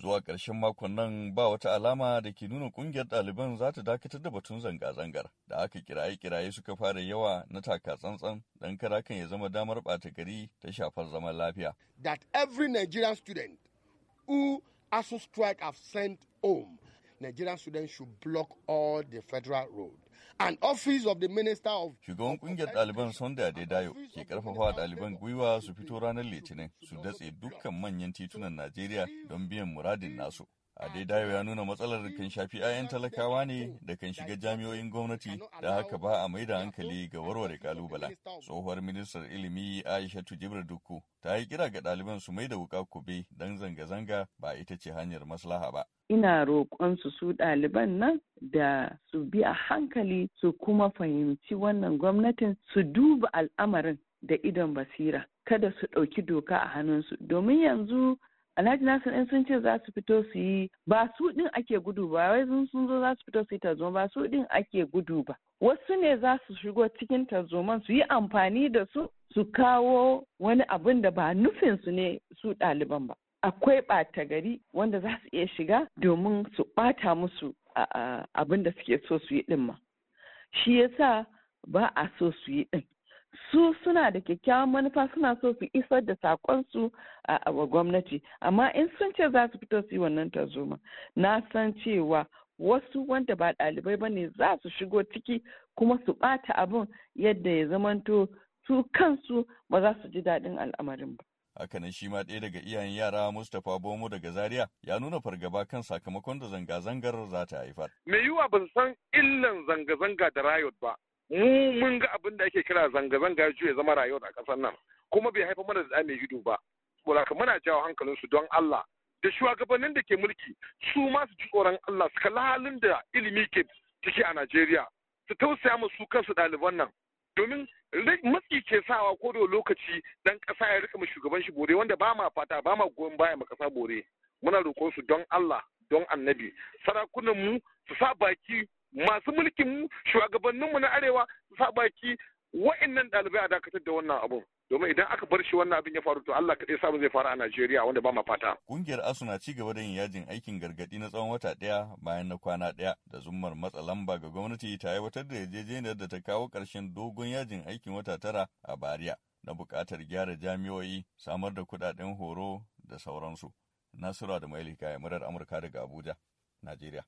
Zuwa ƙarshen makon nan ba wata alama da ke nuna ƙungiyar ɗaliban za ta dakatar da batun zanga-zangar da aka kiraye-kiraye suka fara yawa na taka tsantsan don kara kan ya zama damar ɓata gari ta shafar zaman lafiya. That every Nigerian student who ASU strike have sent home Nigerian students should block all the federal road. and office of the Minister of Shugaban kungiyar ɗaliban sunday Adedayo ke karfafa ɗaliban gwiwa su fito ranar Litinin su datse dukkan manyan titunan Najeriya don biyan muradin nasu. a Adaidayo ya nuna matsalar kan shafi 'ya'yan talakawa ne da kan shiga jami'o'in gwamnati da haka ba a mai da hankali ga warware kalubala Tsohuwar ministar ilimi aisha Jibril Dukku ta yi kira ga ɗaliban su mai da wuka kube don zanga-zanga ba ita ce hanyar maslaha ba. Ina roƙon su su ɗaliban nan da su bi a hankali su kuma fahimci wannan gwamnatin su duba al'amarin da idon basira. kada su ɗauki doka a hannunsu domin yanzu alhaji nasir in sun ce za su fito su yi ba su din ake gudu ba wai sun zo za su fito su yi tarzoma ba su din ake gudu ba wasu ne za su shigo cikin tarzoman su yi amfani da su su kawo wani abin da ba nufin su ne su ɗaliban ba akwai ɓata gari wanda za su iya shiga domin su ɓata musu abin da suke so su yi ɗin ma shi yasa ba a so su yi ɗin su suna da kyakkyawan manufa suna so su isar da sakonsu a gwamnati amma in sun ce za su fito su yi wannan tarzoma na san cewa wasu wanda ba ɗalibai ba ne za su shigo ciki kuma su ɓata abin yadda ya zamanto su kansu ba za su ji daɗin al'amarin ba. Hakanan shi ma ɗaya daga iyayen yara Mustapha Bomo daga Zaria ya nuna fargaba kan sakamakon da zanga-zangar za ta haifar. Me yiwa ban san illan zanga-zanga da riot ba, mu mun ga abin da ake kira zanga-zanga ya zama rayuwar a ƙasar nan kuma bai haifa mana da mai ido ba saboda muna jawo hankalinsu don Allah da shugabannin da ke mulki su ma su ci tsoron Allah su kalli halin da ilimi ke ciki a Najeriya su tausaya su kansu ɗaliban nan domin matsi ke sawa ko da lokaci dan ƙasa ya rika shugaban shi bore wanda ba ma fata ba ma goyon baya ma ƙasa bore muna roƙon su don Allah don annabi sarakunan mu su sa baki masu mulkin shugabanninmu na arewa su sa baki wa'annan ɗalibai a dakatar da wannan abun domin idan aka bar shi wannan abin ya faru to Allah kaɗai sabu zai faru a Najeriya wanda ba ma fata. Kungiyar ASU na ci gaba da yin yajin aikin gargaɗi na tsawon wata ɗaya bayan na kwana ɗaya da zummar matsa lamba ga gwamnati ta aiwatar da yarjejeniyar da ta kawo ƙarshen dogon yajin aikin wata tara a Bariya na buƙatar gyara jami'o'i samar da kuɗaɗen horo da sauransu. Nasiru da Maili Kaya, Murar Amurka daga Abuja, Najeriya.